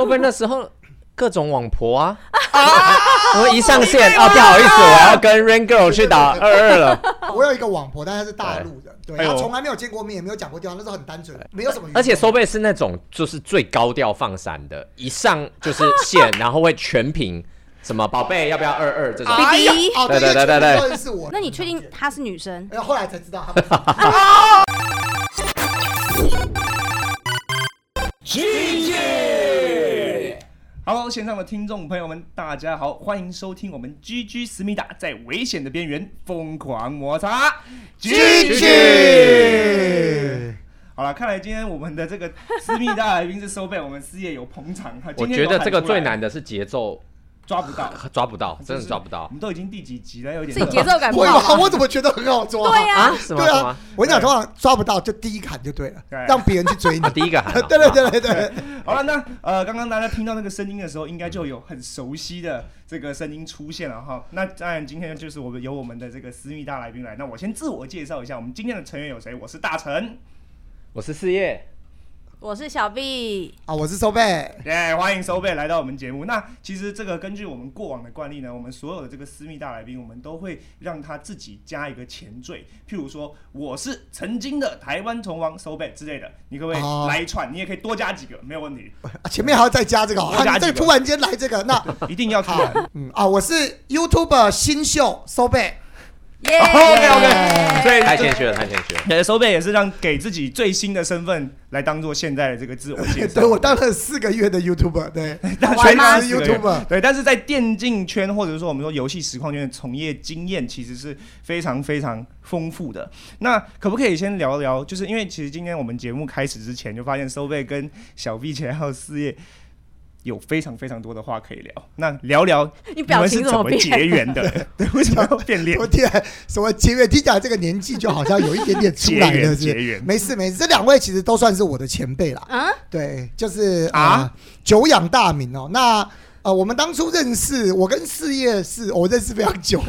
SoBad 那時候，各種網婆啊，我一上線啊，不好意思，我要跟 Rain Girl 去打二二了。我有一個網婆，但她是大陸的，對他從來沒有見過面，也沒有講過電話，那時候很單純，沒有什麼。而且 SoBad 是那種就是最高調放閃的，一上就是線，然後會全屏什麼寶貝要不要二二這種，對對對對對，那是我。那你確定她是女生？哎，後來才知道她。好，線上的聽眾朋友們，大家好，歡迎收聽我們 GG 私密答，在危險的邊緣瘋狂摩擦，GG。G igi! 好了，看來今天我們的這個私密答來賓是 SoBad，我們事業有捧場。今天我覺得這個最難的是節奏。 抓不到呵呵，抓不到，是真是抓不到。你們都已經第幾集了，有點自己節奏感不？會啊，我怎麼覺得很好抓？對呀，什對啊，我跟你講，說抓不到就第一個喊就對了，對讓別人去追你、 啊、第一個喊、哦。 對對對，對，對，對，對，對好了、啊，那呃，剛剛大家聽到那個聲音的時候，應該就有很熟悉的這個聲音出現了哈。那當然，今天就是我們有我們的這個私密大來賓來。那我先自我介紹一下，我們今天的成員有誰？我是大成，我是四葉。我是小 B 啊，我是、so、SoBad 耶，歡迎 SoBad 來到我們節目。那其實這個根據我們過往的慣例呢，我們所有的這個私密大來賓，我們都會讓他自己加一個前綴，譬如說我是曾經的台灣蟲王 SoBad 之類的，你可不可以來一串？啊、你也可以多加幾個，沒有問題。啊、前面還要再加這個，個啊、這個突然間來這個，那 一定要看、啊、嗯，啊！我是 YouTuber 新秀 SoBad。So 耶 Yeah、oh,，OK OK，太謙虛了，太謙虛了。你的 SoBad 也是讓給自己最新的身份來當做現在的這個自我介紹。 對我當了四個月的 YouTuber，對，對全職 YouTuber。對，但是在電競圈或者是說我們說遊戲實況圈的從業經驗，其實是非常非常豐富的。那可不可以先聊一聊？就是因為其實今天我們節目開始之前就發現，SoBad 跟小 B 其實還有事業。有非常非常多的話可以聊，那聊聊你表情怎麼結緣的？對，為什麼變臉？我天，什麼結緣？聽起來這個年紀就好像有一點點出來的結緣，沒事沒事，這兩位其實都算是我的前輩啦。啊，對，就是啊，久仰大名哦。那呃，我們當初認識，我跟四葉是我認識非常久，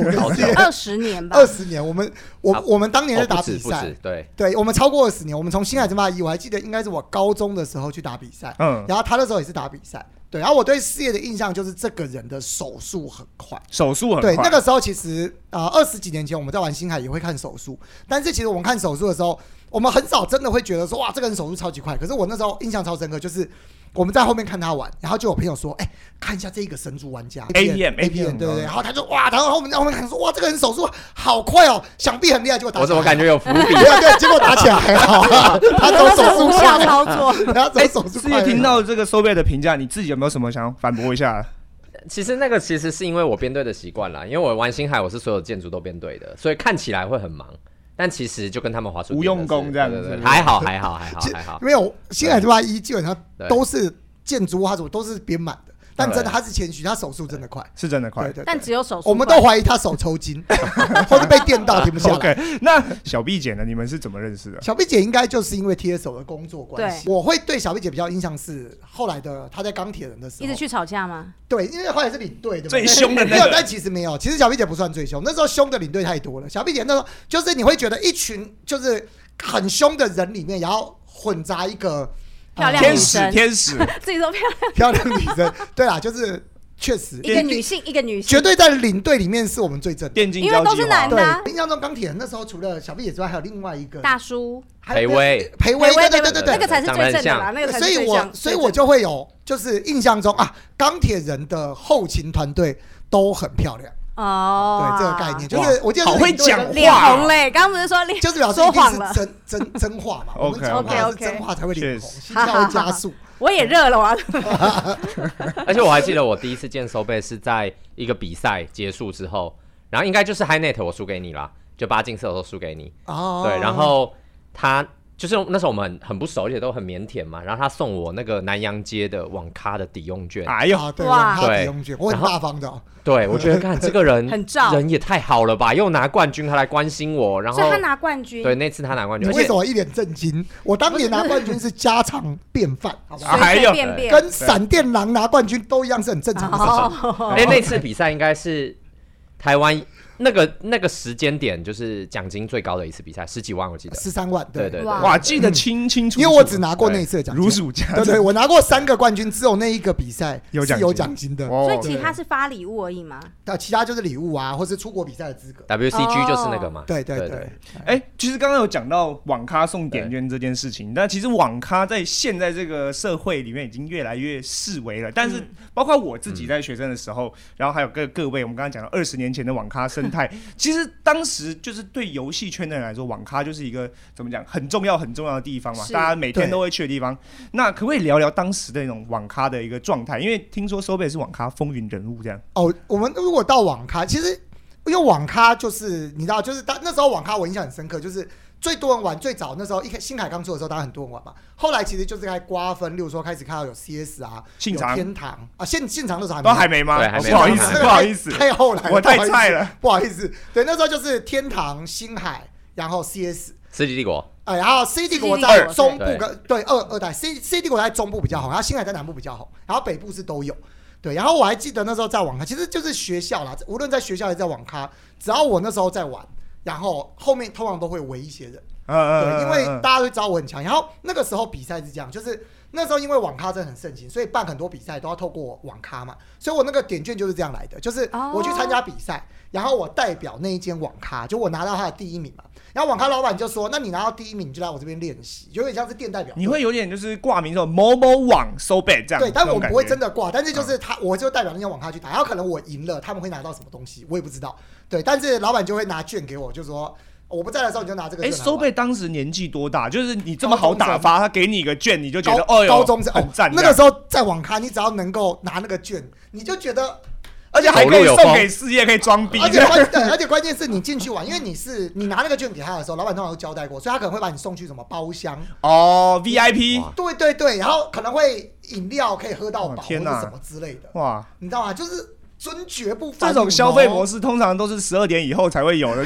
二十年，吧。二十年。我們我我們當年是打比賽，對，對我們超過二十年。我們從星海爭霸一，我還記得應該是我高中的時候去打比賽，嗯，然後他那時候也是打比賽。對，然、啊、後我對四葉的印象就是這個人的手速很快，手速很快對，那個時候其實。啊、呃，二十幾年前我們在玩星海也會看手速，但是其實我們看手速的時候，我們很少真的會覺得說哇，這個人手速超級快。可是我那時候印象超深刻，就是我們在後面看他玩，然後就有朋友說，哎、欸，看一下這個神族玩家，A P M，A P M，對不對，對？然後他就哇，然後我們在後面看說，哇，這個人手速好快哦，想必很厲害。就果打我怎麼感覺有伏筆？ 對對，結果打起來還好，他走手速下操作，然後哎，手速。四月聽到這個 SoBad 的評價，你自己有沒有什麼想反駁一下？其實那個其實是因為我編隊的習慣啦，因為我玩星海，我是所有建築都編隊的，所以看起來會很忙，但其實就跟他們劃出去無用功這樣子。還好還好還好還好，沒有星對海之外一基本上都是建築啊什麼都是編滿但真的，他是謙虛，他手速真的快，對是真的快。對，對，對，但只有手速。我們都懷疑他手抽筋， 或者被電到停不下來 OK，那小 B 姐呢？你們是怎麼認識的？小 B 姐應該就是因為 TSO 的工作關係。對，我會對小 B 姐比較印象是後來的，她在鋼鐵人的時候。一直去吵架嗎？對，因為後來是領隊，對不對？最凶的那個。 沒有，但其實沒有。其實小 B 姐不算最凶，那時候凶的領隊太多了。小 B 姐那時候就是你會覺得一群就是很凶的人裡面，然後混雜一個。漂亮，天使，天使，自己漂亮，漂亮女生， 對啦，就是確實 一個女性，一個女性。絕對在領隊裡面是我們最正的，因為都是男的啊。對 對 印象中鋼鐵人那時候除了小碧野之外，還有另外一個大叔，裴威，裴威，對對對對對，對，那個才是最正的，那個最正的。所以我，所以我就會有，就是印象中啊，鋼鐵人的後勤團隊都很漂亮。哦，對這個概念，就是我覺得好會講話。臉紅嘞，剛剛不是說就是表示一定是真真真話嘛？OK OK 真話才會臉紅，心跳會加速。我也熱了，我。而且我還記得我第一次見 SoBaD 是在一個比賽結束之後，然後應該就是 HiNet 我輸給你了，就八進四的時候輸給你。哦。對，然後他。就是那時候我們很，很不熟，而且都很靦腆嘛。然後他送我那個南陽街的網咖的抵用券。哎呦，啊、對對對哇，我很大方的。對，我覺得看這個人很 人也太好了吧？又拿冠軍，他來關心我。然後他拿冠軍，對，那次他拿冠軍，而且我一臉震驚。且 我當年拿冠軍是家常便飯，好像還有跟閃電狼拿冠軍都一樣，是很正常的事情。哎，那次比賽應該是台灣。那個那個時間點就是獎金最高的一次比賽，十幾萬我記得，十三萬對對哇，記得清清楚楚，因為我只拿過那一次獎金。如數家珍。對對，我拿過三個冠軍，只有那一個比賽有獎有獎金的，所以其他是發禮物而已嗎？啊，其他就是禮物啊，或是出國比賽的資格。WCG 就是那個嘛，對對對。哎，其實剛剛有講到網咖送點券這件事情，但其實網咖在現在這個社會裡面已經越來越式微了。但是，包括我自己在學生的時候，然後還有各各位，我們剛剛講到二十年前的網咖甚至。態其實當時就是對遊戲圈的人來說，網咖就是一個怎麼講很重要很重要的地方嘛，是大家每天都會去的地方。對那可不可以聊聊當時的那種網咖的一個狀態？因為聽說 SoBad 是網咖風雲人物這樣。哦，我們如果到網咖，其實因為網咖就是你知道，就是當那時候網咖我印象很深刻，就是。最多人玩最早那時候，一開星海剛出的時候，當然很多人玩嘛。後來其實就是在瓜分，例如說開始看到有 CS 啊，信長有天堂啊，現現場都是還沒，都還沒嗎？對哦、不好意思，不好意思，太後來，我太菜了，不好意思。對，那時候就是天堂、星海，然後 CS、欸、然後世紀帝國。哎，然後世紀帝國在 2, 中部跟對二二代 C，世紀帝國在中部比較好，然後星海在南部比較好，然後北部是都有。對，然後我還記得那時候在網咖，其實就是學校啦，無論在學校還是在網咖，只要我那時候在玩。然後後面通常都會圍一些人，對，因為大家都知道我很強。然後那個時候比賽是這樣，就是那時候因為網咖真的很盛行，所以辦很多比賽都要透過網咖嘛，所以我那個點券就是這樣來的，就是我去參加比賽，然後我代表那一間網咖，就我拿到他的第一名嘛。然後網咖老闆就說：“那你拿到第一名，你就來我這邊練習，有點像是店代表。”你會有點就是掛名說“某某網 SoBad” so、這樣。對，但我不會真的掛，嗯、但是就是他，我就代表那些網咖去打。然後可能我贏了，他們會拿到什麼東西，我也不知道。對，但是老闆就會拿券給我，就說：“我不在的時候，你就拿這個券。欸”哎，SoBad 當時年紀多大？就是你這麼好打發，他給你一個券，你就覺得哦，高中生、哦、很讚。那個時候在網咖，你只要能夠拿那個券，你就覺得。而且還可以送給世界，可以裝逼。而且關鍵，而且關鍵是你進去玩，因為你是你拿那個券給他的時候，老板通常都交代過，所以他可能會把你送去什麼包廂哦，VIP。對對對，然後可能會飲料可以喝到飽，或者什麼之類的。哇，你知道嗎？就是。尊爵不凡，這種消費模式通常都是十二點以後才會有的。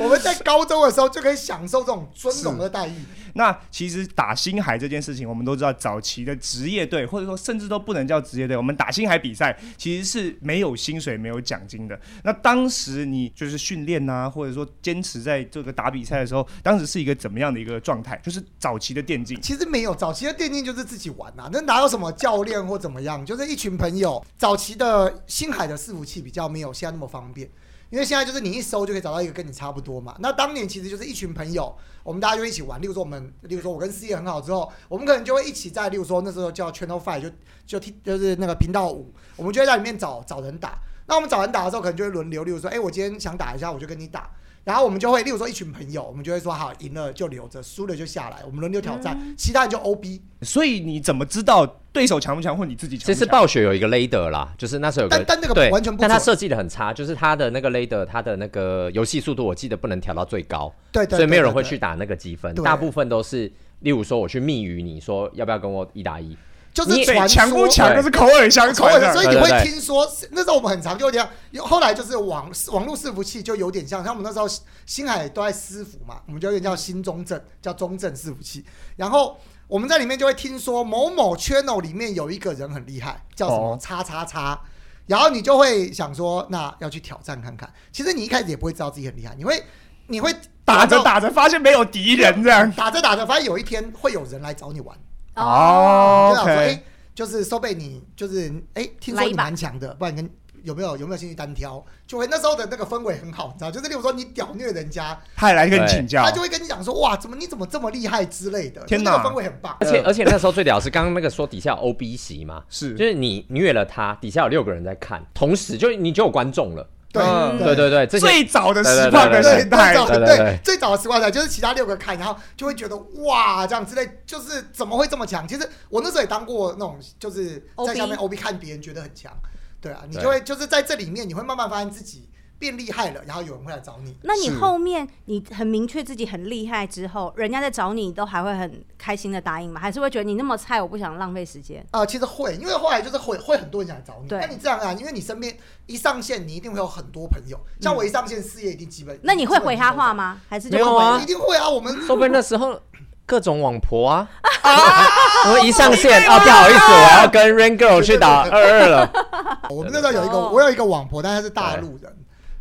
我們在高中的時候就可以享受這種尊榮的待遇。那其實打星海這件事情，我們都知道，早期的職業隊或者說甚至都不能叫職業隊，我們打星海比賽其實是沒有薪水、沒有獎金的。那當時你就是訓練吶，或者說堅持在這個打比賽的時候，當時是一個怎麼樣的一個狀態？就是早期的電競，其實沒有，早期的電競就是自己玩吶、啊，那哪有什麼教練或怎麼樣？就是一群朋友，早期的。呃，星海的伺服器比較沒有現在那麼方便，因為現在就是你一搜就可以找到一個跟你差不多嘛。那當年其實就是一群朋友，我們大家就一起玩。例如說我們，例如說我跟事業很好之後，我們可能就會一起在例如說那時候叫 Channel Five 就就就是那個頻道五，我們就會在裡面找找人打。那我們找人打的時候，可能就會輪流。例如說，哎、欸，我今天想打一下，我就跟你打。然後我們就會，例如說一群朋友，我們就會說好，贏了就留着，輸了就下來，我們輪流挑戰，嗯、其他人就 OB。所以你怎麼知道對手強不強，或你自己強、強？其實暴雪有一個 ladder 啦，就是那時候有個，但但那個對完全不，但他設計的很差，就是他的那個 ladder 他的那個遊戲速度，我記得不能調到最高，對，對，對，對，對，對，所以沒有人會去打那個積分，對大部分都是，例如說我去密語你說要不要跟我一打一。就是傳，強不強就是口耳相、口耳相傳。所以你會聽說，那時候我們很常就會這樣，後來就是網網絡伺服器就有點像，像我們那時候星海都在私服嘛，我們就有點叫新中正，叫中正伺服器。然後我們在裡面就會聽說某某 channel，裡面有一個人很厲害，叫什麼叉叉叉，然後你就會想說，那要去挑戰看看。其實你一開始也不會知道自己很厲害，你會你會打着打着發現沒有敵人這樣，打着打着發現有一天會有人來找你玩。哦、oh, okay. 欸，就說、是、就是收被你就是哎，聽說你蠻強的，不然你有沒有有沒有興趣單挑？就會那時候的那個氛圍很好，你知道，就是例如說你屌虐人家，他也來跟你請教，他就會跟你講說哇，怎麼你怎麼這麼厲害之類的，真的哪氛圍很棒。而且而且那時候最屌是剛剛那個說底下有 O B 席嘛， 是就是你虐了他，底下有六個人在看，同時就你就有觀眾了。對對對對，最早的十塊的時代，對最早的十塊台就是其他六個看，然後就會覺得哇，這樣之類，就是怎麼會這麼強？其實我那時候也當過那種，就是在下面 OB, OB 看別人覺得很強，對啊，你就會就是在這裡面你會慢慢發現自己，變厲害了，然後有人會來找你。那你後面你很明確自己很厲害之後，人家在找你都還會很開心的答應嗎？還是會覺得你那麼菜，我不想浪費時間？啊，其實會，因為後來就是會會很多人來找你。那你這樣啊，因為你身邊一上線，你一定會有很多朋友。像我一上線，事業已經基本。那你會回他話嗎？還是就沒有一定會啊！我們說不定那時候各種網婆啊啊！我們一上線啊，不好意思，我要跟 Rain Girl 去打二二了。我們那時候有一個，我有一個網婆，但是她是大陸人。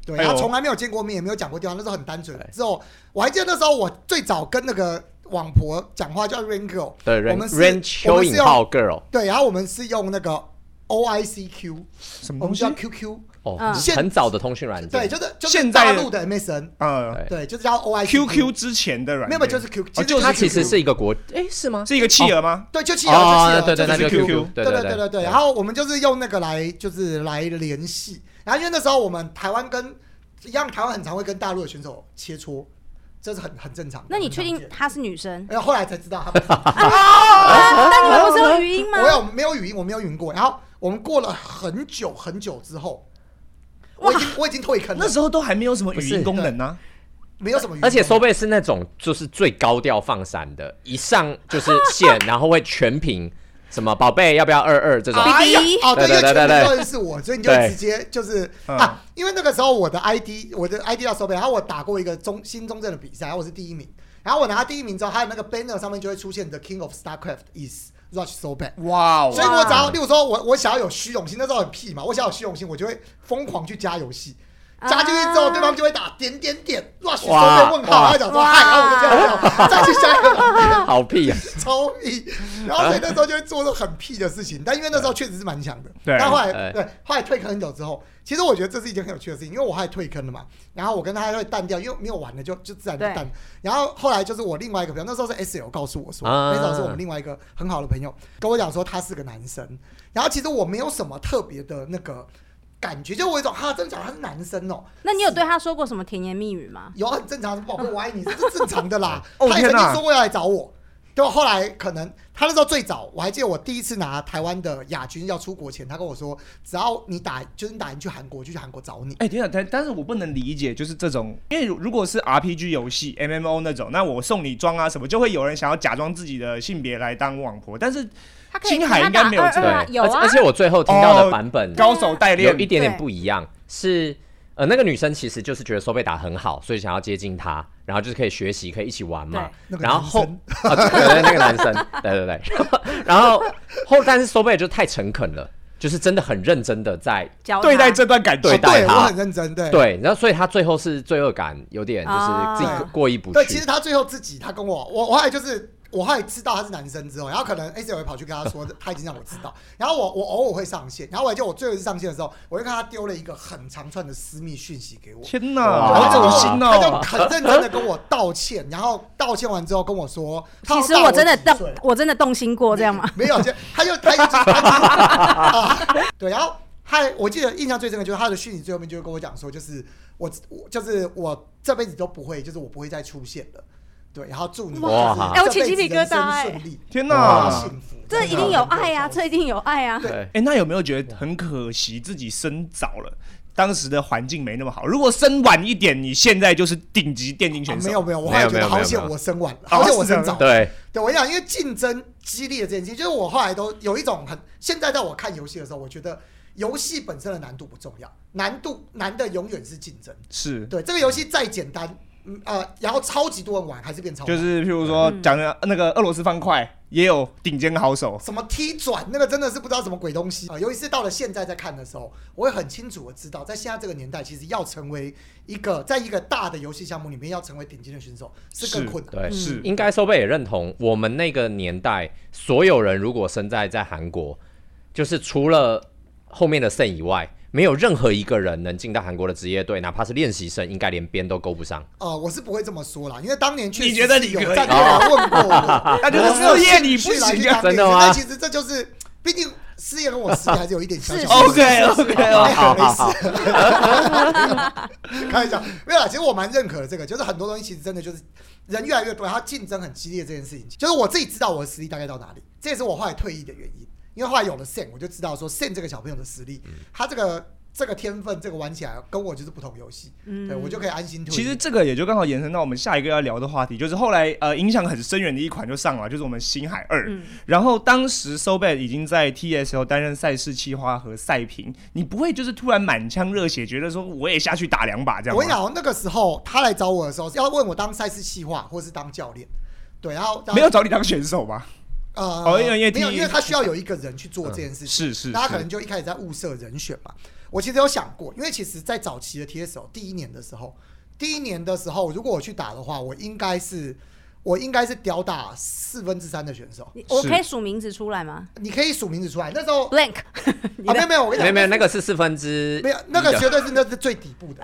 對，哎、呦他從來沒有見過面，也沒有講過電話，那時候很單純。之後對我還記得那時候，我最早跟那個網婆講話叫 r i n g girl 對。對，r i n 我們是用 girl，對，然後我們是用那個 OICQ，什麼東西？我們叫 QQ。哦，很早的通訊軟件，對，就是現在大陸的 MSN。嗯，對，就是叫 OICQ 之前的軟件，就是 QQ，就是它其實是一個國，哎，是嗎？是一個企鵝嗎？對，就企鵝，就是就是 QQ，對對對對對。然後我們就是用那個來，就是來聯繫。然後因為那時候我們台灣跟一樣，台灣很常會跟大陸的選手切磋，這是很很正常。那你確定她是女生？哎，後來才知道她不是。那你們不是有語音嗎？我有，沒有語音，我沒有語音過。然後我們過了很久很久之後。我已經哇我已經退坑了，那時候都還沒有什麼語音功能呢、啊，是對沒有什麼語音。而且 SoBad 是那種就是最高調放閃的，一上就是線， 然後會全屏，什麼寶貝要不要二二這種，啊、哎，對，因為對對對認是我，所以你就直接就是啊，因為那個時候我的 ID 我的 ID 要 SoBad，然後我打過一個中新中正的比賽，然後我是第一名，然後我拿到第一名之後，還有那個 banner 上面就會出現 the King of Starcraft 的意思。Rush so bad，哇！Wow, 所以我只要 wow. 例如說我我想要有虛榮心，那時候很屁嘛。我想要有虛榮心，我就會瘋狂去加遊戲。加進去之後，對方就會打點點點，亂許都被問號，然後講說還好，哇嗨啊、我就這樣掉，哇再去下一個房間， 好屁啊， 超屁。然後所以那時候就會做出很屁的事情，啊、但因為那時候確實是蠻強的。對。但後來，對，後來退坑很久之後，其實我覺得這是一件很有趣的事情，因為我後來退坑了嘛。然後我跟他還會淡掉，因為沒有玩了，就就自然就淡。對 然後後來就是我另外一個朋友，那時候是 S L 告訴我說，那時候、啊、是我們另外一個很好的朋友跟我講說他是個男生。然後其實我沒有什麼特別的那個。感覺就我一種哈、啊，真假，他是男生哦。那你有對他說過什麼甜言蜜語嗎？有、啊，很正常，寶貝，我愛你，嗯、是正常的啦。他天他曾經說過要來找我，就 後來可能他那時候最早，我還記得我第一次拿台灣的亞軍要出國前，他跟我說，只要你打就是打贏去韓國，就去韓國找你。哎、欸，等等，但但是我不能理解，就是這種，因為如如果是 RPG 遊戲、MMO 那種，那我送你裝啊什麼，就會有人想要假裝自己的性別來當網婆，但是。金海應該沒有這個，而且我最後聽到的版本，高手代練有一點點不一樣，是呃，那個女生其實就是覺得 SoBad 打很好，所以想要接近他，然後就是可以學習，可以一起玩嘛。然後，對對那個男生，對對對，然後後但是 SoBad 也就太誠懇了，就是真的很認真的在對待這段感情，對待她，很認真，對對，然後所以他最後是罪惡感有點，就是自己過意不去。對，其實他最後自己，他跟我，我後來就是。我後來知道他是男生之後，然後可能 A 我會跑去跟他說，他已經讓我知道。然後我我偶爾會上線，然後我記得我最後一次上線的時候，我就看他丟了一個很長串的私密訊息給我。天哪，這種心吶！哇他就很認真的跟我道歉， 然後道歉完之後跟我說：“我其實我真，我真的動，我真的動心過，這樣嗎？” 沒有，就他就他就，他就 對，然後他我記得印象最深的就是他的訊息，最後面就會跟我講說，就是我我就是我這輩子都不會，就是我不會再出現了。對，然後祝你哇！哎，我起雞皮疙瘩，哎天哪，這一定有愛呀，這一定有愛啊！哎，那有沒有覺得很可惜自己生早了？當時的環境沒那麼好。如果生晚一點，你現在就是頂級電競選手。沒有沒有，我後來覺得好險，我生晚了，好險我生早。對，對我跟你講，因為競爭激烈的這件事，就是我後來都有一種很……現在在我看遊戲的時候，我覺得遊戲本身的難度不重要，難度難的永遠是競爭。是對這個遊戲再簡單。嗯啊、呃，然後超級多人玩，還是變超。就是譬如說講的、嗯、那個俄羅斯方塊，也有頂尖的好手。什麼 T 轉那個真的是不知道什麼鬼東西啊、呃！尤其是到了現在在看的時候，我會很清楚的知道，在現在這個年代，其實要成為一個，在一個大的遊戲項目裡面要成為頂尖的選手是更困難。對，是、嗯、應該 SoBad 也認同。我們那個年代，所有人如果生在在韓國，就是除了後面的勝以外，沒有任何一個人能進到韓國的職業隊，哪怕是練習生，應該連邊都勾不上。哦、呃，我是不會這麼說啦，因為當年確實。你覺得你有在跟我問過我？那 就是事業你不行啊，真的嗎？其實這就是，畢竟事業跟我實力還是有一點差距。 是 OK OK，啊、好，沒事。開玩笑， 看一下，沒有啦，其實我蠻認可的這個，就是很多東西其實真的就是人越來越多，他競爭很激烈的這件事情，就是我自己知道我的實力大概到哪裡，這也是我後來退役的原因。因為後來有了 Sam，我就知道說 Sam 這個小朋友的實力，嗯、他這個這個天分，這個玩起來跟我就是不同遊戲，嗯、對，我就可以安心推。其實這個也就剛好延伸到我們下一個要聊的話題，就是後來呃影響很深遠的一款就上了，就是我們《星海二》，嗯。然後當時 SoBad 已經在 T S O 擔任賽事企劃和賽評，你不會就是突然滿腔熱血覺得說我也下去打兩把這樣？我跟你講，那個時候他來找我的時候，要問我當賽事企劃或是當教練，對，然後，然後沒有找你當選手吧？呃，哦、沒有，因為他需要有一個人去做這件事情，是、嗯、是，是是，大家可能就一開始在物色人選嘛。我其實有想過，因為其實，在早期的 T S O 第一年的時候，第一年的時候，如果我去打的話，我應該是。我應該是屌打四分之三的選手，我可以數名字出來嗎？你可以數名字出來，那時候，Blank，啊沒有沒有，我跟你講，沒有沒有那個是四分之，沒有那個絕對是那是最底部的。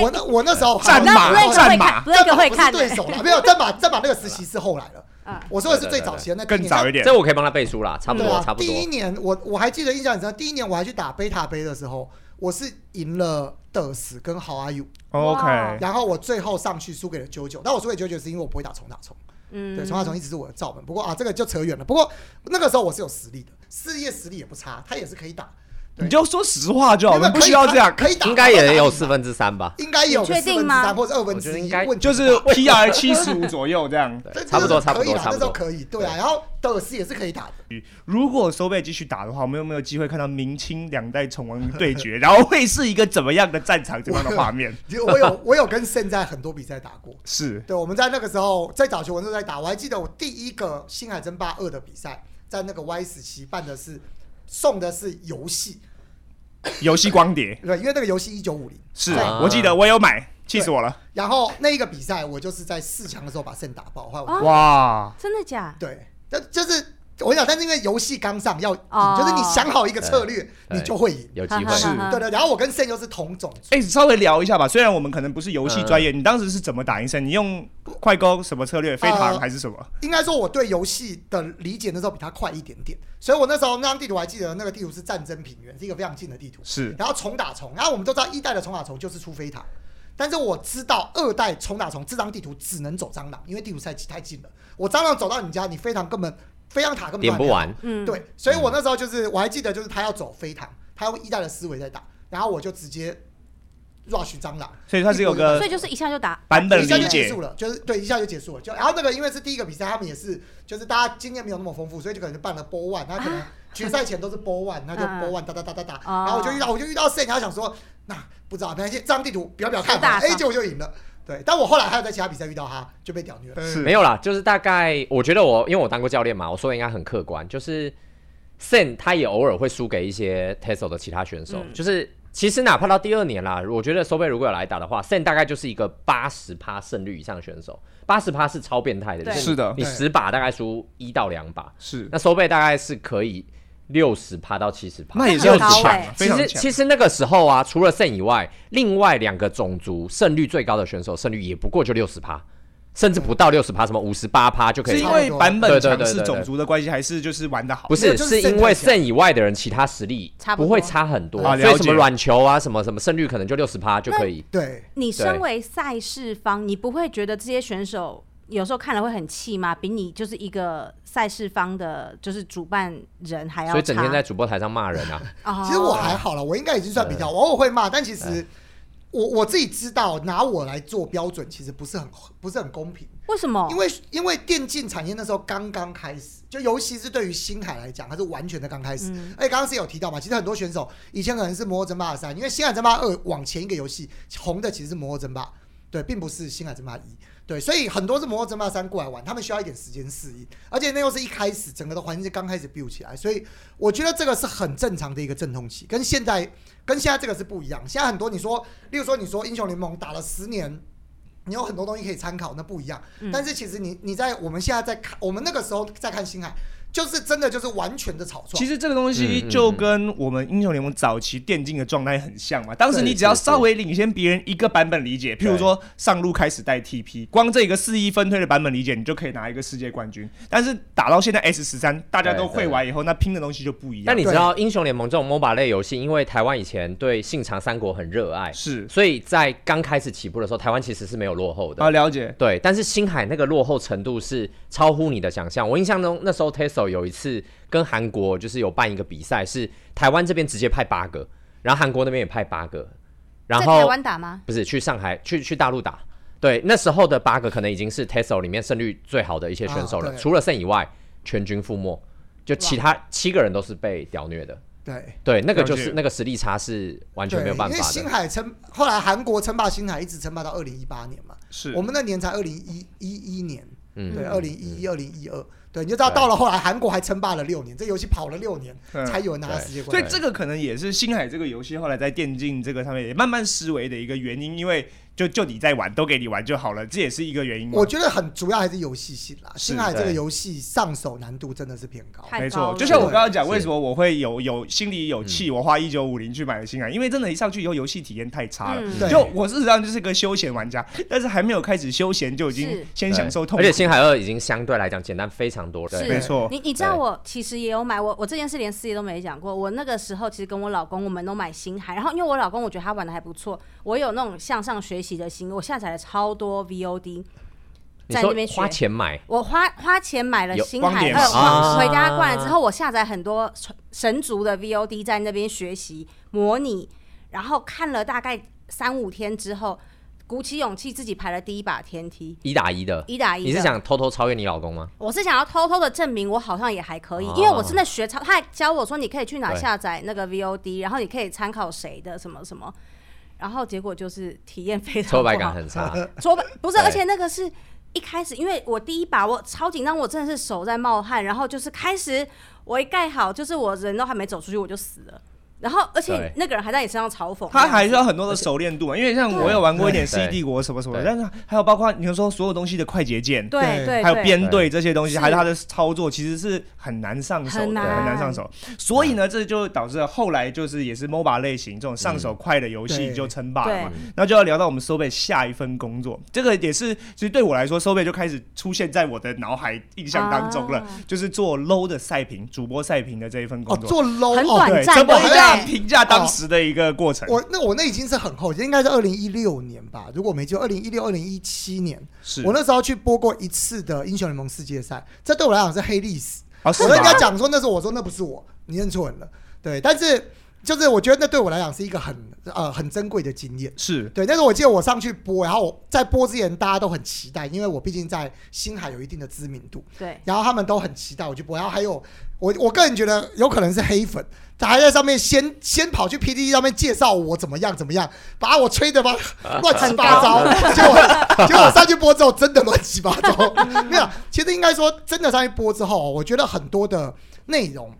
我那我那時候戰馬戰馬戰馬不是對手了，沒有戰馬戰馬那個時期是後來了，我說的是最早期的，更早一點，這我可以幫他背書啦，差不多差不多。第一年我我還記得印象很深，第一年我還去打貝塔杯的時候。我是贏了的士跟 How are you？OK，然後我最後上去輸給了九九。那我輸給九九是因為我不會打蟲打蟲，嗯，對，蟲打蟲一直是我的罩門。不過啊，這個就扯遠了。不過那個時候我是有實力的，事業實力也不差，他也是可以打。你就說實話就好，我們不需要這樣，可以打，應該也有四分之三吧，應該有四分之三或者二分之一，就是 P R 七十五左右這樣，差不多差不多，差不多可以，對啊，然後德爾斯也是可以打的。如果 SoBad 繼續打的話，我們有沒有機會看到明清兩代蟲王對決？然後會是一個怎麼樣的戰場怎麼樣的畫面？我有我有跟現在很多比賽打過，是對我們在那個時候在打球我都在打，我還記得我第一個星海爭霸二的比賽，在那個 Y S 七辦的是送的是遊戲。遊戲光碟， 對，因為那個遊戲一九五零，是，對我記得我有買，氣、啊、死我了。然後那一個比賽，我就是在四強的時候把腎打爆，哇，真的假的？對，就是。我跟你講，但是因為遊戲剛上要，要、oh, 就是你想好一個策略，oh, 你就會贏，會有機會。是，對對。然後我跟 Sen 就是同種，哎、欸，稍微聊一下吧。雖然我們可能不是遊戲專業，嗯、你當時是怎麼打 Sen？你用快攻什麼策略？飛塔還是什麼？呃、應該說我對遊戲的理解那時候比他快一點點，所以我那時候那張地圖我還記得，那個地圖是戰爭平原，是一個非常近的地圖。是。然後蟲打蟲，然後我們都知道一代的蟲打蟲就是出飛塔，但是我知道二代蟲打蟲，這張地圖只能走蟑螂，因為地圖太太近了。我蟑螂走到你家，你飛塔根本。飛羊塔根本點不完，對，所以我那時候就是我還記得，就是他要走飛塔，他用一代的思維在打，然後我就直接 rush 蟑螂，所以他是有個，所以就是一下就打版本理解，一下就結束了，就是對，一下就結束了。就然後那個因為是第一個比賽，他們也是就是大家經驗沒有那麼豐富，所以就可能就辦了 BO1。那可能決賽前都是 BO1，那就 BO1 n e 打打打打打，然後我就遇到我就遇到 Sen 他想說那不知道，沒關係，這張地圖表表看吧，哎，結果就贏了。對，但我後來還有在其他比賽遇到他，就被屌虐了。是沒有啦，就是大概我覺得我因為我當過教練嘛，我說的應該很客觀。就是 Sen 他也偶爾會輸給一些 Teso 的其他選手。嗯、就是其實哪怕到第二年啦，我覺得 SoBad、嗯嗯、如果有來打的話，Sen 大概就是一個八十趴勝率以上的選手。八十趴是超變態的，是，是的，你十把大概輸一到兩把，是那 SoBad 大概是可以，六十趴到七十趴，那也六十趴。其實其實那個時候啊，除了聖以外，另外兩個種族勝率最高的選手勝率也不過就六十趴，甚至不到六十趴，什麼五十八趴就可以、嗯。是因為版本強勢種族的關係，還是就是玩的好？不是，是因為聖以外的人，其他實力差不會差很多，多所以什麼軟球啊，什麼什麼勝率可能就六十趴就可以。對，對你身為賽事方，你不會覺得這些選手？有時候看了會很氣嘛，比你就是一個賽事方的，就是主辦人還要，所以整天在主播台上罵人啊。 其實我還好了，我應該已經算比較往往，偶爾會罵，但其實我我自己知道，拿我來做標準，其實不是很不是很公平。為什麼？因為因為電競產業那時候剛剛開始，就尤其是對於星海來講，它是完全的剛開始。嗯、而且剛剛是有提到嘛，其實很多選手以前可能是《魔獸爭霸三》，因為《星海爭霸二》往前一個遊戲紅的其實是《魔獸爭霸》，對，並不是《星海爭霸一》。對，所以很多是魔獸爭霸三過來玩，他們需要一點時間適應，而且那又是一開始整個的環境是剛開始 build 起來，所以我覺得這個是很正常的一個陣痛期，跟現在跟現在這個是不一樣。現在很多你說，例如說你說英雄聯盟打了十年，你有很多東西可以參考，那不一樣。嗯，但是其實你你在我們現在在看，我們那個時候在看星海。就是真的，就是完全的炒作。其實這個東西就跟我們英雄聯盟早期電競的狀態很像嘛。當時你只要稍微領先別人一個版本理解，譬如說上路開始帶 TP，光這個四一分推的版本理解，你就可以拿一個世界冠軍。但是打到現在 S 十三，大家都會玩以後，對對對，那拼的東西就不一樣。但你知道英雄聯盟這種 MOBA 類遊戲，因為台灣以前對《信長三國》很熱愛，是，所以在剛開始起步的時候，台灣其實是沒有落後的啊，了解。對，但是星海那個落後程度是超乎你的想象。我印象中那時候 TES。有一次跟韓國就是有辦一個比賽，是台灣這邊直接派八個，然後韓國那邊也派八個，然後在台灣打嗎？不是，去上海去去大陸打。對，那時候的八個可能已經是 TESL 裡面勝率最好的一些選手了，哦、除了勝以外全軍覆沒，就其他七個人都是被屌虐的。對哇對，那個就是那個實力差是完全沒有辦法。因為星海稱後來韓國稱霸星海，一直稱霸到二零一八年嘛，是我們那年才二零一一一年，嗯，對，二零一一二零一二。你就知道，到了後來，韓國還稱霸了六年，對這遊戲跑了六年才有人拿到世界冠軍，嗯。所以這個可能也是星海這個遊戲後來在電競這個上面也慢慢式微的一個原因，因為。就就你在玩，都給你玩就好了，這也是一個原因。我覺得很主要還是遊戲性啦，《星海》這個遊戲上手難度真的是偏高。高，沒錯，就像我剛剛講，為什麼我會有有心裡有氣，的我花一九五零去買了《星海》嗯，因為真的，一上去以後遊戲體驗太差了。嗯、就我事實上就是個休閒玩家，但是還沒有開始休閒就已經先享受痛。而且《星海二》已經相對來講簡單非常多。對是對沒錯，你你知道我其實也有買，我我這件事連事業都沒講過。我那個時候其實跟我老公我們都買《星海》，然後因為我老公我覺得他玩的還不錯，我有那種向上學習。起的心，我下載了超多 VOD，在那邊花錢買，我花花錢買了新《星海二》呃，回家灌了之後，啊、我下載很多神族的 VOD 在那邊學習模擬，然後看了大概三五天之後，鼓起勇氣自己排了第一把天梯，一打一的，一打一，你是想偷偷超越你老公嗎？我是想要偷偷的證明我好像也還可以，啊、因為我真的學超，他還教我說你可以去哪下載那個 VOD，對然後你可以參考誰的什麼什麼。然後結果就是體驗非常挫敗感很差，挫敗 不是，而且那個是一開始，對因為我第一把我超緊張，我真的是手在冒汗，然後就是開始我一蓋好，就是我人都還沒走出去我就死了。然後，而且那個人還在你身上嘲諷，他還需要很多的熟練度啊，因為像我有玩過一點世紀帝國什麼什麼，但是還有包括你說所有東西的快捷鍵，對對，還有編隊這些東西，還有他的操作，其實是很難上手的，很難上手。所以呢，這就導致後來就是也是 MOBA 類型這種上手快的遊戲就稱霸了嘛。那就要聊到我們 SoBad 下一份工作，這個也是其實對我來說，SoBad 就開始出現在我的腦海印象當中了，就是做 low 的賽評，主播賽評的這一份工作，做 low 很短暫，短暫。評價當時的一個過程，哦、我那我那已經是很厚，應該是二零一六年吧，如果沒記錯，二零一六二零一七年，是我那時候去播過一次的英雄聯盟世界賽，這對我來講是黑歷史。哦、我跟人家講說，那時候我說那不是我，你認錯人了。對，但是。就是我覺得那對我來講是一個很呃很珍貴的經驗，是對。但是我記得我上去播，然後我在播之前大家都很期待，因為我畢竟在星海有一定的知名度，對。然後他們都很期待我去播，然後還有我我個人覺得有可能是黑粉，他還在上面先先跑去 PTT 上面介紹我怎麼樣怎麼樣，把我吹的吧 亂七八糟。結果我，結果 我上去播之後，真的亂七八糟。 沒有，其實應該說真的上去播之後，我覺得很多的內容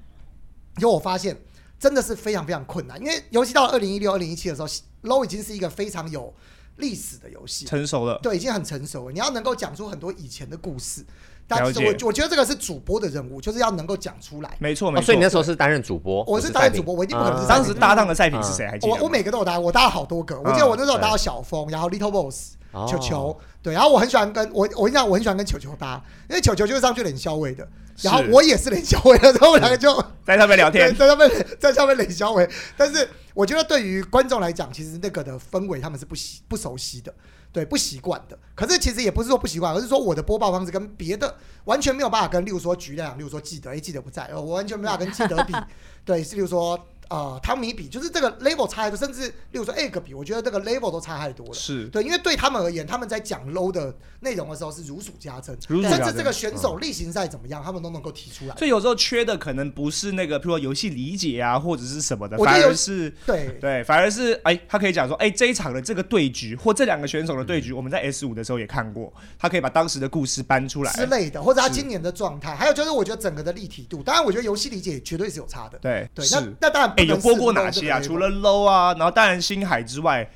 有我發現。真的是非常非常困難，因為尤其到了二零一六、二零一七的時候 LOL 已經是一個非常有歷史的遊戲，成熟了。對，已經很成熟了。你要能夠講出很多以前的故事，但是我我覺得這個是主播的任務，就是要能夠講出來。沒錯沒錯。所以你那時候是擔任主播，哦、我是擔任主播，我一定不可能是，啊、當時搭檔的賽評是誰還記得嗎？我我每個都有搭，我搭了好多個。我記得我那時候搭了小峰，然後 Little Boss，啊、球球，對，然後我很喜歡跟我我跟你講我很喜歡跟球球搭，因為球球就是上去冷笑位的。是然後我也是雷小偉了，然後我嗯、他們兩個就在上面聊天，在上面在上面雷小偉。但是我覺得對於觀眾來講，其實那個的氛圍他們是不習不熟悉的，對不習慣的。可是其實也不是說不習慣，而是說我的播報方式跟別的完全沒有辦法跟，例如說菊亮，例如說記得，誒，記得不在，呃、我完全沒有辦法跟記得比， 對，是例如說。啊，湯米比就是這個 level 差太多，甚至例如說 egg 比，我覺得這個 level 都差太多了。是對，因為對他們而言，他們在講 low 的內容的時候是如數家珍，甚至這個選手例行賽怎麼樣，他們都能夠提出來。所以有時候缺的可能不是那個，譬如說遊戲理解啊，或者是什麼的，反而是對對，反而是哎，他可以講說，哎，這一場的這個對局或這兩個選手的對局，我們在 S 五的時候也看過，他可以把當時的故事搬出來之類的，或者他今年的狀態，還有就是我覺得整個的立體度，當然我覺得遊戲理解也絕對是有差的。對對，那那當然。有播過哪些啊？除了 Low 啊，然後當然星海之外，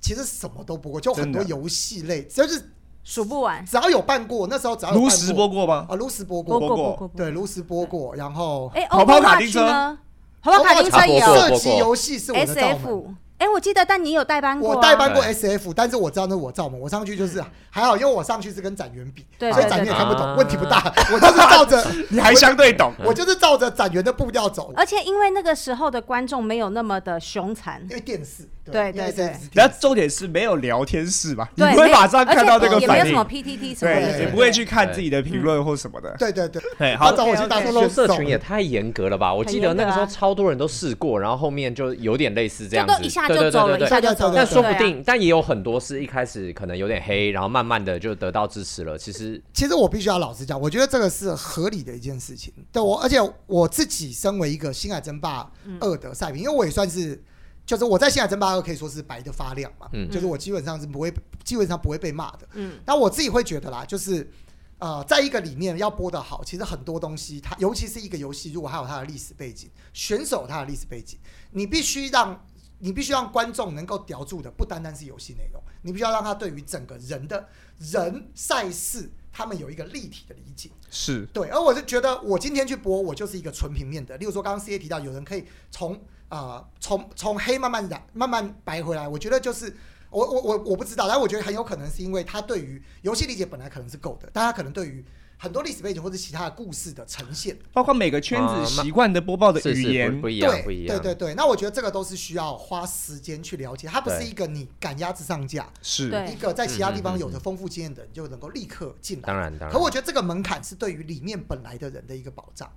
其實什麼都播過，就很多遊戲類，就是數不完。只要有辦過，那時候，只要爐石播過嗎？啊，爐石播過，播過，對，爐石播過。然後，哎，跑跑卡丁車，跑跑卡丁車也有。射擊遊戲是我的罩門。哎、欸，我記得，但你有代班過、啊，我代班過 SF，對但是我知道那我照嘛，我上去就是還好，嗯、因為我上去是跟展元比，對對對，所以展元也看不懂，啊、問題不大。我就是照着，啊、照你還相對懂，我就是照着展元的步調走。而且因為那個時候的觀眾沒有那麼的凶殘，因為電視。對對對，那重點是沒有聊天室吧？你不會馬上看到這個反應。也沒有什麼 P T T，什麼的，也不會去看自己的評論或什麼的。對對對，哎，好，找我去打龍。社群也太嚴格了吧？我記得那個時候超多人都試過，然後後面就有點類似這樣子，對對對，一下就走了，一下就走了。但說不定，但也有很多是一開始可能有點黑，然後慢慢的就得到支持了。其實，其實我必須要老實講，我覺得這個是合理的一件事情。對我，而且我自己身為一個《星海爭霸二》的賽評，因為我也算是。就是我在《星海爭霸二》可以說是白的發亮嘛，嗯、就是我基本上是不會基本上不會被罵的。嗯、那我自己會覺得啦，就是呃，在一個裡面要播得好，其實很多東西它，它尤其是一個遊戲，如果還有它的歷史背景，選手有它的歷史背景，你必須讓你必須讓觀眾能夠雕注的，不單單是遊戲內容，你必須要讓他對於整個人的人賽事，他們有一個立體的理解。是對，而我就覺得我今天去播，我就是一個純平面的。例如說，剛剛 C A 提到有人可以從。啊，從從、呃、黑慢慢染，慢慢白回來，我覺得就是我我我我不知道，但我覺得很有可能是因為他對於遊戲理解本來可能是夠的，但他可能對於很多歷史背景或者其他的故事的呈現，包括每個圈子習慣的播報的語言，不一樣不一樣，對對對對，那我覺得這個都是需要花時間去了解，它不是一個你趕鴨子上架，對是一個在其他地方有着豐富經驗的人就能夠立刻進來。嗯嗯，當然當然，可我覺得這個門檻是對於裡面本來的人的一個保障。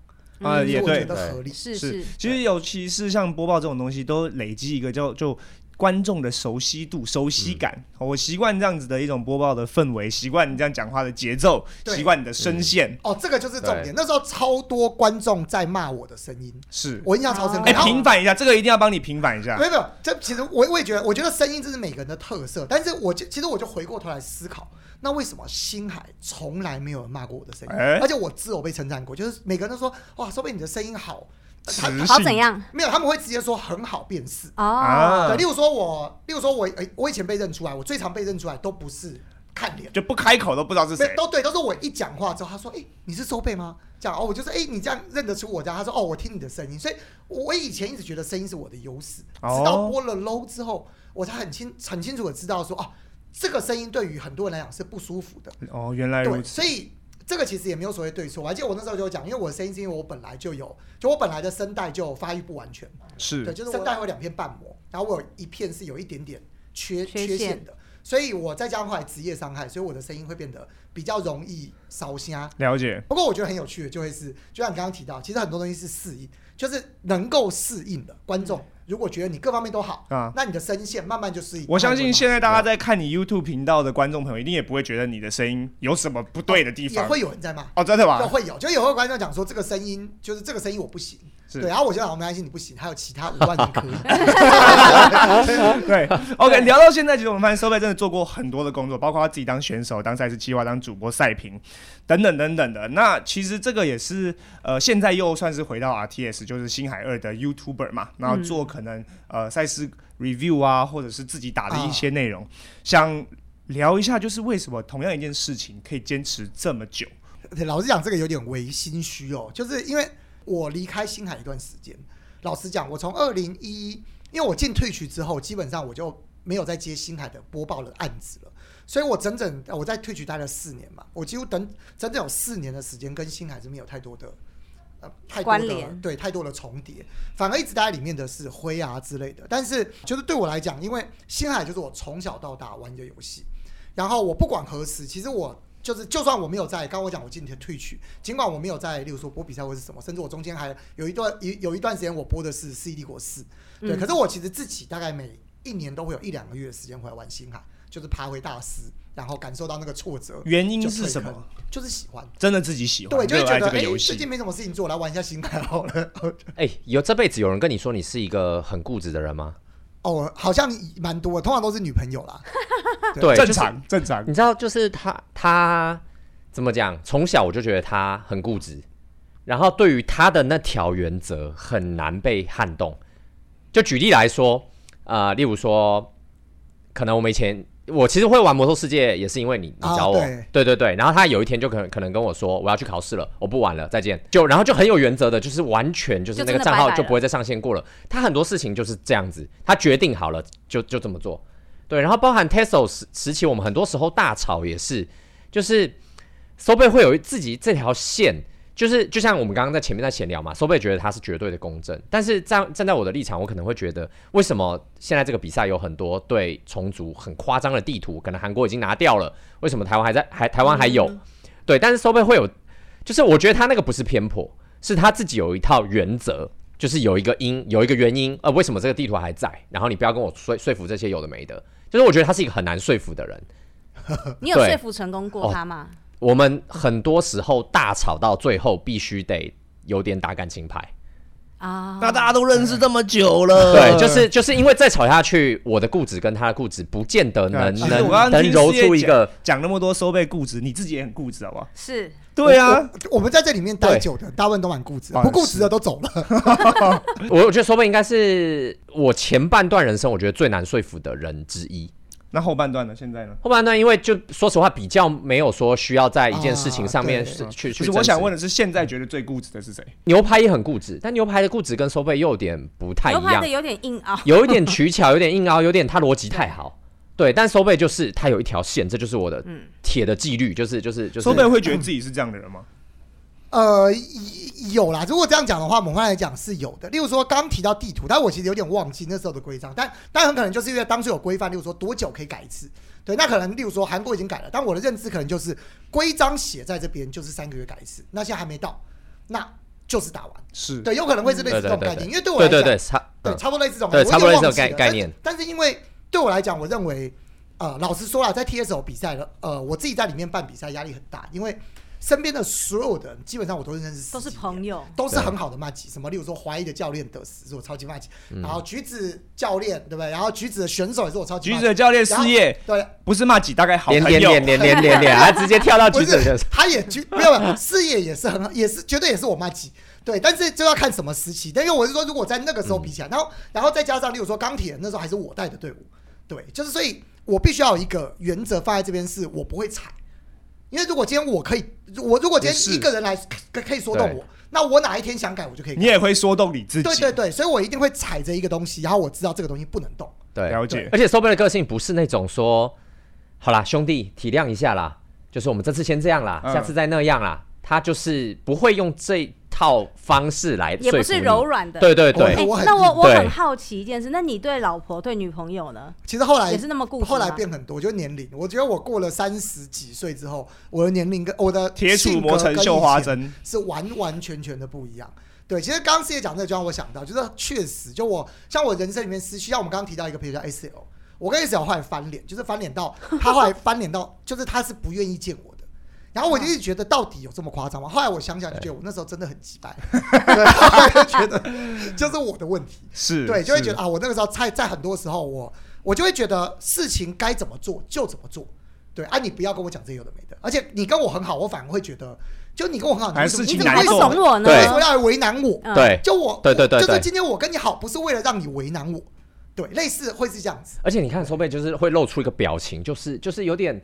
啊，也對，是是，其實尤其是像播報這種東西，都累積一個叫就觀眾的熟悉度、熟悉感。我習慣這樣子的一種播報的氛圍，習慣你這樣講話的節奏，習慣你的聲線。哦，這個就是重點。那時候超多觀眾在罵我的聲音，是我印象超深刻。哎，平反一下，這個一定要幫你平反一下。沒有沒有，這其實我我也覺得，我覺得聲音這是每個人的特色。但是我其實我就回過頭來思考。那為什麼星海從來沒有人罵過我的聲音？欸、而且我自我被稱讚過，就是每個人都說哇，SoBad 你的聲音好、呃續，好怎樣？沒有，他們會直接說很好辨識啊、哦、例如說我，例如說我、欸，我以前被認出來，我最常被認出來都不是看臉，就不開口都不知道是誰。都對，都是我一講話之後，他說哎、欸，你是 SoBad 嗎？這樣，哦、我就說、是、哎、欸，你這樣認得出我，這樣他說哦，我聽你的聲音。所以我以前一直覺得聲音是我的優勢，直到播了 Low 之後，哦、我才很清很清楚的知道說、哦這個聲音對於很多人來講是不舒服的。哦，原來對。所以這個其實也沒有所謂對錯，而且我那時候就講，因為我的聲音是因為我本來就有，就我本來的聲帶就發育不完全，是的就是聲帶我有兩片瓣膜，然後我有一片是有一點點缺缺陷,缺陷的，所以我再加上後來職業傷害，所以我的聲音會變得比較容易燒聲。了解。不過我覺得很有趣的就會是，就像你剛剛提到，其實很多東西是適應，就是能夠適應的觀眾。嗯如果覺得你各方面都好啊，那你的聲線慢慢就是一。我相信現在大家在看你 YouTube 頻道的觀眾朋友，一定也不會覺得你的聲音有什麼不對的地方。哦，也會有人在罵。哦，真的嗎？會有，就有個觀眾講說這個聲音，就是這個聲音我不行。是對，然、啊、後我現好像們擔心你不行，還有其他五萬你可 對， 對，OK，對，聊到現在，其實我們發現 SoBad 真的做過很多的工作，包括他自己當選手、當賽事企劃、當主播賽評等等等等的。那其實這個也是呃，現在又算是回到 RTS，就是星海二的 YouTuber 嘛，然後做可能、嗯、呃賽事 review 啊，或者是自己打的一些內容。啊、想聊一下，就是為什麼同樣一件事情可以堅持這麼久？老實講，這個有點違心虛哦，就是因為。我離開星海一段時間，老實講，我從二零一一，因為我進 Twitch 之後，基本上我就沒有再接星海的播報的案子了，所以我整整我在 Twitch 待了四年嘛，我幾乎等整整有四年的時間跟星海是沒有太多的呃，太關聯，對，太多的重疊，反而一直待在裡面的是灰啊之類的。但是，就是對我來講，因為星海就是我從小到大玩的遊戲，然後我不管何時，其實我。就是，就算我沒有在，剛，剛我講我今天退去，儘管我沒有在，例如說播比賽或是什麼，甚至我中間還有一段一有一段時間我播的是 CD 國四，對，嗯、可是我其實自己大概每一年都會有一兩個月的時間回來玩星海，就是爬回大師，然後感受到那個挫折。原因是什麼？就，就是喜歡，真的自己喜歡，對，就會、是、覺得哎，最近沒什麼事情做，來玩一下星海好了。哎，有這輩子有人跟你說你是一個很固執的人嗎？哦，好像蠻多，通常都是女朋友啦，對，正常對正常。你知道，就是他他怎麼講？從小我就覺得他很固執，然後對於他的那條原則很難被撼動。就舉例來說，呃，例如說，可能我沒錢。我其實會玩《魔獸世界》，也是因為你你找我，oh, 對,對對對。然後他有一天就可能可能跟我說，我要去考試了，我不玩了，再見。就然後就很有原則的，就是完全就是那個賬號就不會再上線過了。白白了他很多事情就是這樣子，他決定好了就就這麼做。對，然後包含 TeSL 時期，我們很多時候大吵也是，就是 SoBaD 會有自己這條線。就是就像我們剛剛在前面在閒聊嘛，SoBad 覺得他是絕對的公正，但是站站在我的立場，我可能會覺得，為什麼現在這個比賽有很多對蟲族很誇張的地圖，可能韓國已經拿掉了，為什麼台灣還在？還台灣還有？嗯、對，但是 SoBad 會有，就是我覺得他那個不是偏頗，是他自己有一套原則，就是有一個因有一個原因，呃，為什麼這個地圖還在？然後你不要跟我說說服這些有的沒的，就是我覺得他是一個很難說服的人。 對你有說服成功過他嗎？哦我們很多時候大吵到最後，必須得有點打感情牌啊！那大家都認識這麼久了，嗯，對，就是就是因為再吵下去，我的固執跟他的固執不見得能能，嗯，能揉能 出一個講那麼多。SoBad 固執，你自己也很固執，好不好？是，對啊，我，我，嗯，我們在這裡面待久的，對大部分都蠻固執，不固執的都走了。我 我覺得 SoBad 應該是我前半段人生我覺得最難說服的人之一。那後半段呢？現在呢？後半段，因為就說實話，比較沒有說需要在一件事情上面去、oh, 去。其實我想問的是，現在覺得最固執的是誰？牛排也很固執，但牛排的固執跟收費又有點不太一樣。牛排的有點硬凹，有一點取巧，有點硬凹，有點他邏輯太好。對，對，對，但收費就是他有一條線，這就是我的鐵的紀律，就是就是就是。就是、收費會覺得自己是這樣的人嗎？嗯呃，有啦。如果這樣講的話，宏觀來講是有的。例如說，剛提到地圖，但我其實有點忘記那時候的規章。但但很可能就是因為當時有規範，例如說多久可以改一次。對，那可能例如說韓國已經改了，但我的認知可能就是規章寫在這邊就是三個月改一次。那現在還沒到，那就是打完。是，對，有可能會是類似這種概念，對對對對，因為對我來講，對對，對，差，對差不多類似這種，對差不多類似概概念但。但是因為對我來講，我認為呃，老實說啊，在 T S O 比賽呃，我自己在裡面辦比賽壓力很大，因為。身邊的所有的人基本上我都認識，都是朋友，都是很好的麻吉。什麼，例如說華義的教練，都是我超級麻吉。然後橘子教練，對不對？然後橘子的選手也是我超級。橘子教練事業，對，不是麻吉，大概好朋友，點點點點點點點，他直接跳到橘子的，他也橘，沒有沒有事業也是很好，也是絕對也是我麻吉。對，但是就要看什麼時期。但因為我是說，如果在那個時候比起來，然後然後再加上，例如說鋼鐵人那時候還是我帶的隊伍，對，就是所以，我必須要有一個原則放在這邊，是我不會踩。因為如果今天我可以，我如果今天一個人來是可以說動我，對那我哪一天想改，我就可以你，你也會說動你自己，對對對，所以我一定會踩着一個東西，然後我知道這個東西不能動。對了解。對而且 SoBad 的個性不是那種說，好啦，兄弟體諒一下啦，就是我們這次先這樣啦，嗯、下次再那樣啦，他就是不會用這。套方式來，對對對，也不是柔軟的，對對對。欸、那我我很好奇一件事，那你對老婆對女朋友呢？其實後來也是那麼固執？後來變很多。我覺得年齡，我覺得我過了三十幾歲之後，我的年齡跟我的鐵杵磨成繡花針是完完全全的不一樣。對，其實剛剛四葉講這個，就讓我想到，就是確實，就我像我人生裡面失去，像我們剛剛提到一個比如叫 S L，我跟 S L 後來翻臉，就是翻臉到他後來翻臉到， 就是他是不願意見我。然後我就一直覺得，到底有這麼誇張嗎？後來我想想，就覺得我那時候真的很機掰，就覺得就是我的問題。是對，就會覺得啊，是 我那個時候在在很多時候，我我就會覺得事情該怎麼做就怎麼做。對啊，你不要跟我講這有的沒的。而且你跟我很好，我反而會覺得，就你跟我很好，你你怎麼會慫我呢？為什麼要來為難我？對，對 就我對對對，就是今天我跟你好，不是為了讓你為難我。對，類似會是這樣子。而且你看，SoBad 就是會露出一個表情，就是就是有點。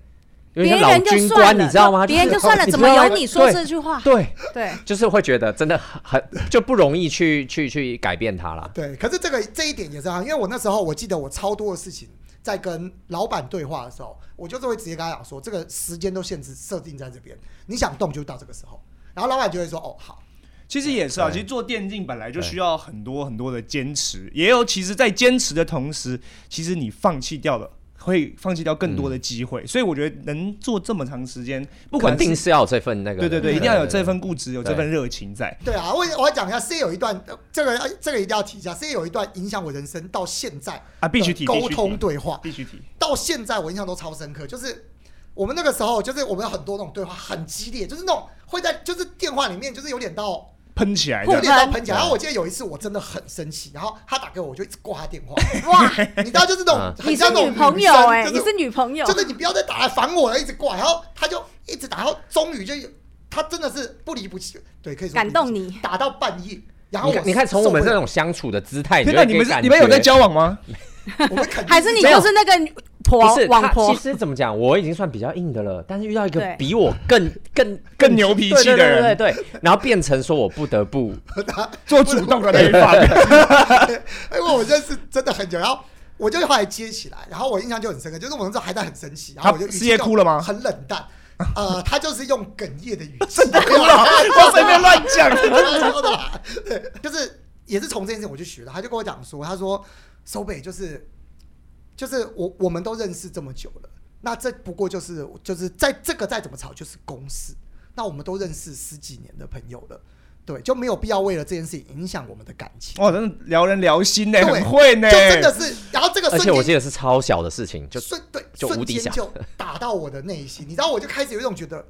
別人就算了，你知道嗎？別、就是、人就算了，怎麼有你說這句話？對對，對對就是會覺得真的很就不容易去去去改變他了。對，可是這個這一點也是啊，因為我那時候我記得我超多的事情在跟老板對話的時候，我就是會直接跟他講說，這個時間都限制設定在這邊，你想動就到這個時候。然後老板就會說：“哦，好。”其實也是啊，對其實做電競本來就需要很多很多的堅持，對也有其實，在堅持的同時，其實你放棄掉了。會放棄掉更多的機會，嗯、所以我覺得能做這麼長時間，不管肯定是要這份那個。對對對，一定要有這份固執，對對對，有這份熱情在。對，對，對，對，對啊，我我要講一下，C 有一段，這個這個一定要提一下，C 有一段影響我人生到現在啊，必須提溝通對話，啊、必須提，必提，必提到現在我印象都超深刻，就是我們那個時候，就是我們有很多那種對話很激烈，就是那種會在就是電話裡面，就是有點到。噴起來，破噴然後我記得有一次，我真的很生氣，然後他打給我，我就一直掛他電話。哇，你知道就是那種，很像那種女，啊、你是女朋友哎、欸，就是、你是女朋友，就是你不要再打來煩我了，一直掛。然後他就一直打，然後終於就有。他真的是不離不棄，對，可以說不離不棄，感動你，打到半夜。然後我你看，你看從我們這種相處的姿態，哪覺得覺你們是你們有在交往嗎？ 我肯是 還是你就是那個婆，是王婆是。其實怎麼講，我已經算比較硬的了，但是遇到一個比我更更更牛脾氣的人， 對，對，對，對，對，對，然後變成說我不得不做主動的那一方。因為我認識真的很久，然後我就後來接起來，然後我印象就很深刻，就是我們知道還在很生氣，然後我就直接哭了嗎？很冷淡，呃，他就是用哽咽的語氣， 真的，我隨便亂講，他說的，就是也是從這件事情我就學了，他就跟我講說，他說。收尾、so, 就是，就是我我們都認識這麼久了，那這不過就是就是在這個再怎麼吵就是公事，那我們都認識十幾年的朋友了，對，就沒有必要為了這件事情影響我們的感情。哦，真的聊人聊心呢，很會呢，就真的是，然後這個瞬間而且我記得是超小的事情，就瞬對，就無瞬間就打到我的內心， 你知道，我就開始有一種覺得。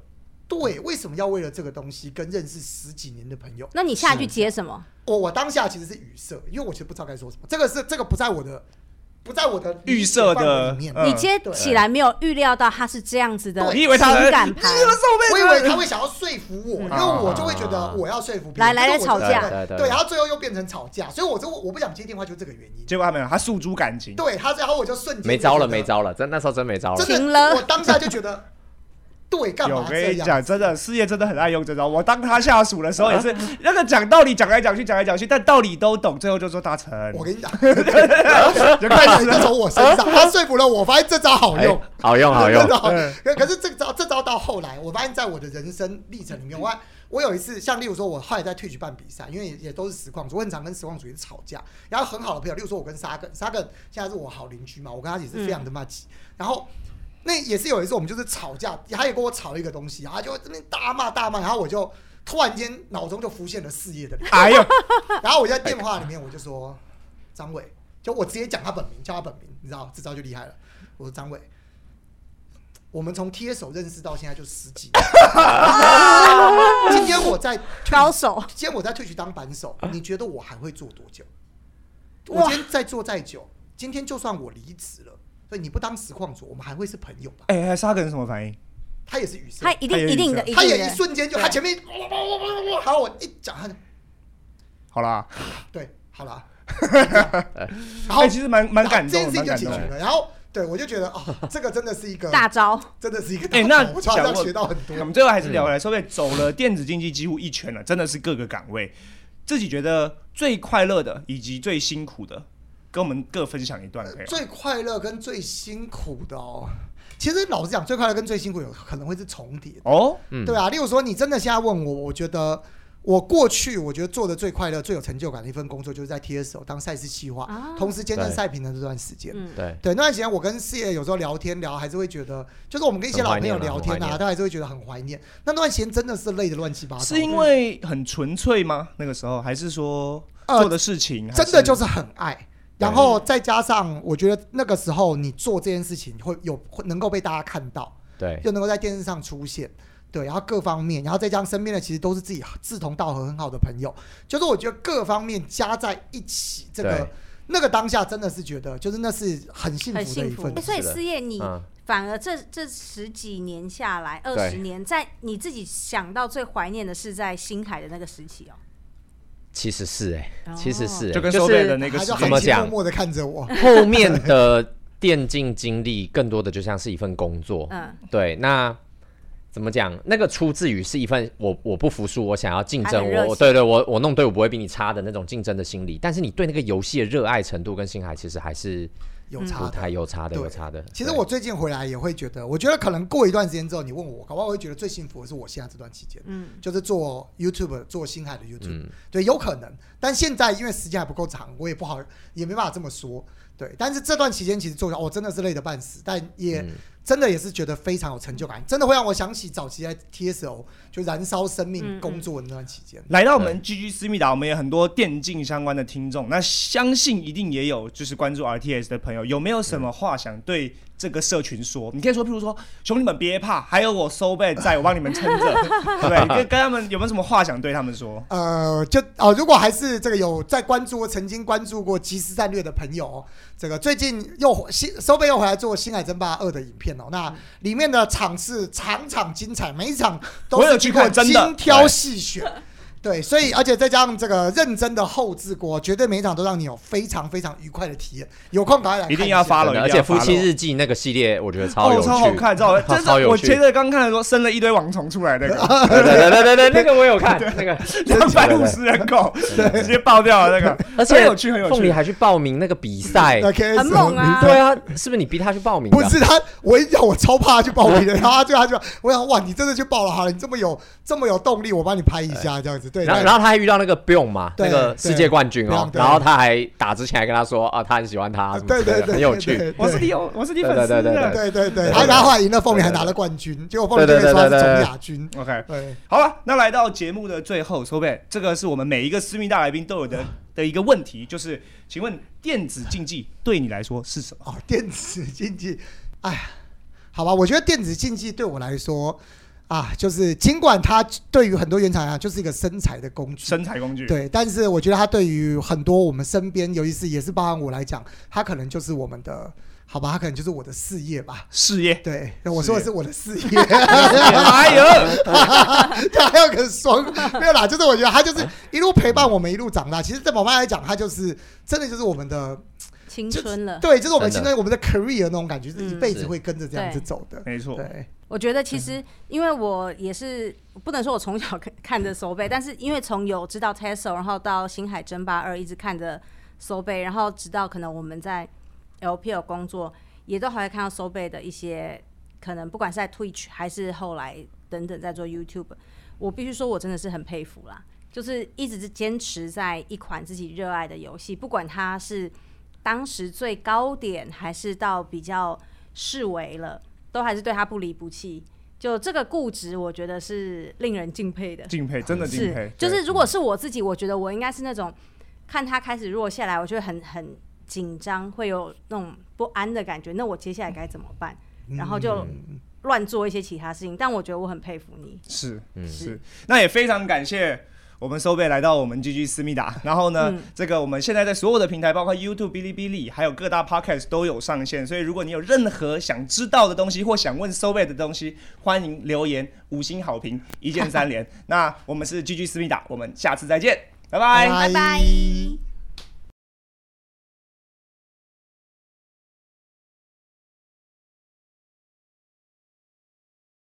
對，為什麼要為了這個東西跟認識十幾年的朋友？那你下去接什麼？我我當下其實是語塞，因為我其實不知道該說什麼。這個是這個不在我的不在我的預設的裡面，你接起來沒有預料到他是這樣子的。我以為他敏感，我以為他會想要說服我，因為我就會覺得我要說服。來來來，吵架對，然後最後又變成吵架，所以我就我不想接電話，就這個原因。結果他沒有，他訴諸感情。對，他然後我就瞬間沒招了，沒招了，真那時候真沒招了，了。我當下就覺得。對，嘛，有我跟你講，真的，四葉真的很愛用這招。我當他下屬的時候，也是那個講道理，講來講去，講來講去，但道理都懂。最後就說大成，我跟你講，就看始就從、啊、我身上，他說服了我，發現這招好用，欸，好用，好用。可對可是這招這招到後來，我發現，在我的人生歷程裡面，我、嗯、我有一次，像例如說，我後來在 Twitch 辦比賽，因為也也都是實況主，我很常跟實況主吵架。然後很好的朋友，例如說我跟沙哥，沙哥現在是我好鄰居嘛，我跟他也是非常的默契。嗯、然後。那也是有一次，我們就是吵架，他也跟我吵了一個東西啊，然後他就在那邊大罵大罵，然後我就突然間腦中就浮現了四葉的臉，哎呦！然後我在電話裡面我就說：“張偉，就我直接講他本名，叫他本名，你知道，這招就厲害了。”我說：“張偉，我們從貼手認識到現在就十幾年， 今天我在挑手，今天我在 Twitch 當板手，你覺得我還會做多久？哇我今天再做再久，今天就算我離職了。”所以你不當實況主，我們還會是朋友吧？哎，那那個人什麼反應？他也是語塞，他一定一定的，他也一瞬間就他前面，好，我一講他，好啦，對，好啦。然後其實蠻蠻感動，這件事情就解決了。然後，對我就覺得哦，這個真的是一個大招，真的是一個哎，那我學到很多。我們最後還是聊來，說說走了電子競技幾乎一圈了，真的是各個崗位，自己覺得最快樂的以及最辛苦的。跟我們各分享一段，最快樂跟最辛苦的哦、喔。其實老實講，最快樂跟最辛苦有可能會是重疊哦。嗯、對啊。例如說，你真的現在問我，我覺得我過去我覺得做的最快樂、最有成就感的一份工作，就是在 T S O 當賽事企劃，啊、同時兼任賽評的這段時間。對。嗯、對，那段時間我跟事業有時候聊天聊，還是會覺得，就是我們跟一些老朋友聊天啊大家，啊、還是會覺得很懷念。那段時間真的是累得亂七八糟，是因為很純粹嗎？對那個時候還是說做的事情、呃、真的就是很愛。然後再加上，我覺得那個時候你做這件事情會有會能夠被大家看到，對，又能夠在電視上出現，對，然後各方面，然後再加上身邊的其實都是自己志同道合很好的朋友，就是我覺得各方面加在一起，這個對那個當下真的是覺得，就是那是很幸福的，很幸福。所以思燕，你反而這、啊、這十幾年下來二十年，對在你自己想到最懷念的是在星海的那個時期哦？其實是哎、欸，其實是就跟後面的那個還還漆漆的怎麼講？默默的看着我，後面的電競經歷更多的就像是一份工作。嗯， 對。那怎麼講？那個出自於是一份我我不服輸，我想要競爭，我對對我我弄對，我不會比你差的那種競爭的心理。但是你對那個遊戲的熱愛程度跟星海其實還是。有差的，有差的，有差的。其實我最近回來也會覺得，對我覺得可能過一段時間之後，你問我，搞不好我會覺得最幸福的是我現在這段期間，嗯，就是做 YouTube，做星海的 YouTube，、嗯、對，有可能。但現在因為時間還不夠長，我也不好，也沒辦法這麼說，對。但是這段期間其實做了，我、哦、真的是累得半死，但也。嗯真的也是覺得非常有成就感，真的會讓我想起早期在 T S O 就燃燒生命工作的那段期間。嗯嗯嗯、來到我們 GG 私密答，我們有很多電競相關的聽眾，嗯、那相信一定也有就是關注 R T S 的朋友，有沒有什麼話想對這個社群說？嗯、你可以說，譬如說兄弟們別怕，還有我 SoBad 在我幫你們撐着，對不、啊、對？跟 跟他們有沒有什麼話想對他們說？呃，就哦、呃，如果還是這個有在關注、曾經關注過《即時戰略》的朋友。這個最近又新收費又回來做《星海爭霸二》的影片哦、喔，那裡面的場次場場精彩，每一場都有機會，精挑細選。對，所以而且再加上這個認真的後製過，絕對每一場都讓你有非常非常愉快的體驗。有空趕快來。一定要發了，而且《夫妻日記》那個系列，我覺得超。哦，超好看，真的超有趣。我覺得剛看的時候生了一堆網蟲出來那個。對對對對，那個我有看，對，那個兩百五十人口直接爆掉了那個，而且很有趣，很有趣。鳳梨還去報名那個比賽，很猛啊！對啊，是不是你逼他去報名？不是他，我一我超怕他去報名的。然後他就他就，我想哇，你真的去報了好了，你這麼有這麼有動力，我幫你拍一下這樣子。然後，然後他還遇到那個 Boom 嘛，那個世界冠軍哦。然後他還打之前還跟他說啊，他很喜歡他，對對對，很有趣。我是你，我是你粉絲，對對對對對對對。他他還贏了，鳳鳴還拿了冠軍，結果鳳鳴對對對總亞軍。OK，對，好了，那來到節目的最後，SoBad，這個是我們每一個私密大來賓都有的的一個問題，就是，請問電子競技對你來說是什麼？電子競技，哎呀，好吧，我覺得電子競技對我來說。啊，就是儘管它對於很多原廠就是一個生財的工具，生財工具。對，但是我覺得它對於很多我們身邊，尤其是也是包含我來講，它可能就是我們的，好吧？它可能就是我的事業吧，事業。對,事業對，我說的是我的事業。事業 哎呦， 對還有個雙，沒有啦，就是我覺得他就是一路陪伴我們一路長大。其實在寶寶來講，他就是真的就是我們的青春了。對，就是我們青春，的我們的 career 那種感覺、就是一輩子會跟着這樣子走的，沒錯、嗯。對。對錯我覺得其實，因為我也是、嗯、不能說我從小看着 SoBad，嗯、但是因為從有知道 TeSL，然後到《星海爭霸二》一直看着 SoBad，然後直到可能我們在 LPL 工作，也都還會看到 SoBad 的一些可能，不管是在 Twitch 還是後來等等在做 YouTube，我必須說我真的是很佩服啦，就是一直是堅持在一款自己熱愛的遊戲，不管它是當時最高點，還是到比較式微了。都還是對他不離不棄，就這個固執，我覺得是令人敬佩的。敬佩，真的敬佩。是對，就是如果是我自己，我覺得我應該是那種、嗯、看他開始弱下來，我就會很很緊張，會有那種不安的感覺。那我接下來該怎麼辦？然後就亂做一些其他事情。嗯、但我覺得我很佩服你。是，嗯、是，是。那也非常感謝。我們 SoBad 來到我們 GG 思密達，然後呢， 這個我們現在在所有的平台，包括 YouTube、嗶哩嗶哩，還有各大 Podcast 都有上線。所以如果你有任何想知道的東西或想問 SoBad 的東西，歡迎留言、五星好評、一鍵三連。 那我們是 GG 思密達，我們下次再見，拜拜，拜拜 bye。Bye bye